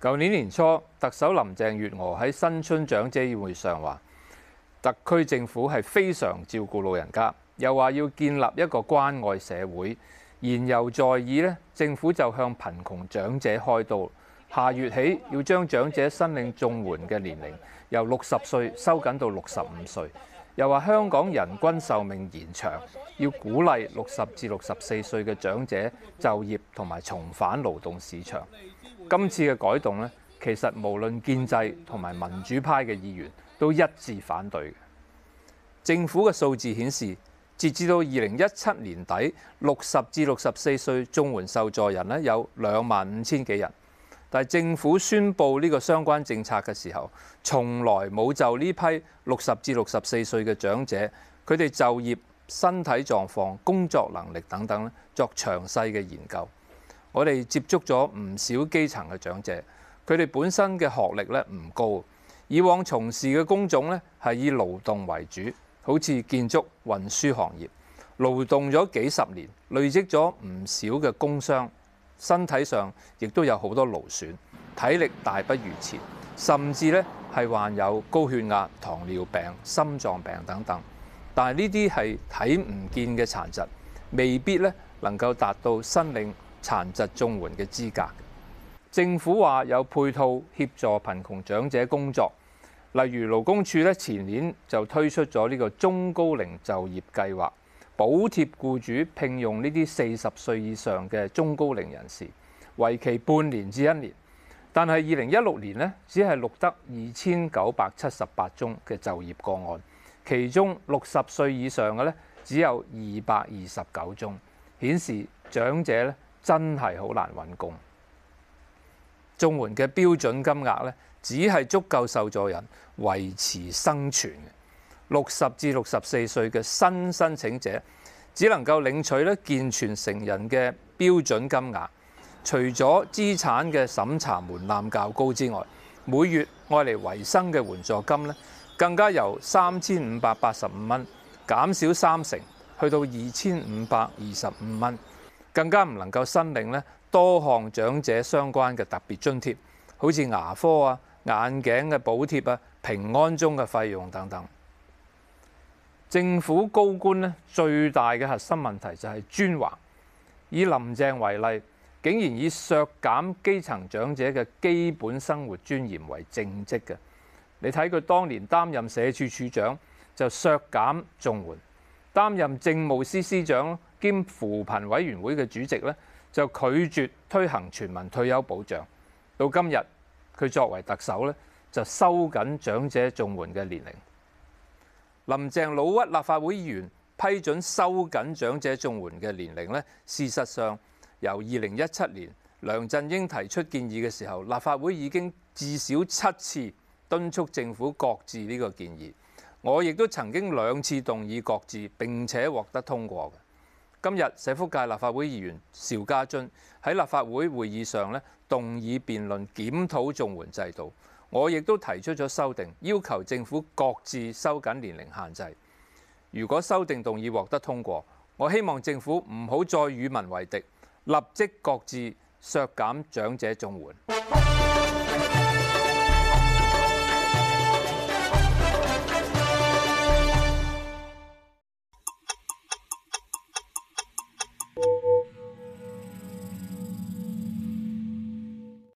舊年年初，特首林鄭月娥喺新春長者宴會上話，特區政府係非常照顧老人家，又話要建立一個關愛社會。然又再以政府就向貧窮長者開刀，下月起要將長者申領綜援嘅年齡由六十歲收緊到六十五歲。又話香港人均壽命延長，要鼓勵六十至六十四歲嘅長者就業同埋重返勞動市場。今次嘅改動咧，其實無論建制同埋民主派嘅議員都一致反對嘅。政府嘅數字顯示，截至到二零一七年底，六十至六十四歲綜援受助人咧有兩萬五千幾人。但政府宣布呢個相關政策嘅時候，從來冇就呢批六十至六十四歲嘅長者，佢哋就業、身體狀況、工作能力等等咧，作詳細嘅研究。我哋接觸咗唔少基層嘅長者，佢哋本身嘅學歷咧唔高，以往從事嘅工種咧係以勞動為主，好似建築、運輸行業，勞動咗幾十年，累積咗唔少嘅工傷，身體上亦都有好多勞損，體力大不如前，甚至咧係患有高血壓、糖尿病、心臟病等等。但係呢啲係睇唔見嘅殘疾，未必咧能夠達到申領殘疾綜援嘅資格，政府話有配套協助貧窮長者工作，例如勞工處咧前年就推出咗呢個中高齡就業計劃，補貼僱主聘用呢啲四十歲以上嘅中高齡人士，為期半年至一年。但係二零一六年呢，只係錄得二千九百七十八宗嘅就業個案，其中六十歲以上嘅咧只有二百二十九宗，顯示長者咧，真係好難揾工。綜援嘅標準金額咧，只係足夠受助人維持生存。六十至六十四歲嘅新申請者，只能夠領取咧健全成人嘅標準金額。除咗資產嘅審查門檻較高之外，每月愛嚟維生嘅援助金咧，更加由三千五百八十五蚊減少三成，去到二千五百二十五蚊。更加唔能夠申領呢多項長者相關嘅特別津貼，好似牙科啊、眼鏡嘅補貼啊、平安鐘嘅費用等等。政府高官呢最大嘅核心問題就係專橫。以林鄭為例，竟然以削減基層長者嘅基本生活尊嚴為政績嘅。你睇佢當年擔任社署署長就削減綜援，擔任政務司司長，兼扶貧委員會嘅主席咧，就拒絕推行全民退休保障。到今日，佢作為特首咧，就收緊長者綜援嘅年齡。林鄭老屈立法會議員批准收緊長者綜援嘅年齡呢，事實上由二零一七年梁振英提出建議嘅時候，立法會已經至少七次敦促政府擱置呢個建議。我亦都曾經兩次動議擱置，並且獲得通過嘅。今日社福界立法會議員邵家臻喺立法會會議上呢，動議辯論檢討綜援制度，我亦都提出咗修訂，要求政府各自收緊年齡限制。如果修訂動議獲得通過，我希望政府唔好再與民為敵，立即各自削減長者綜援。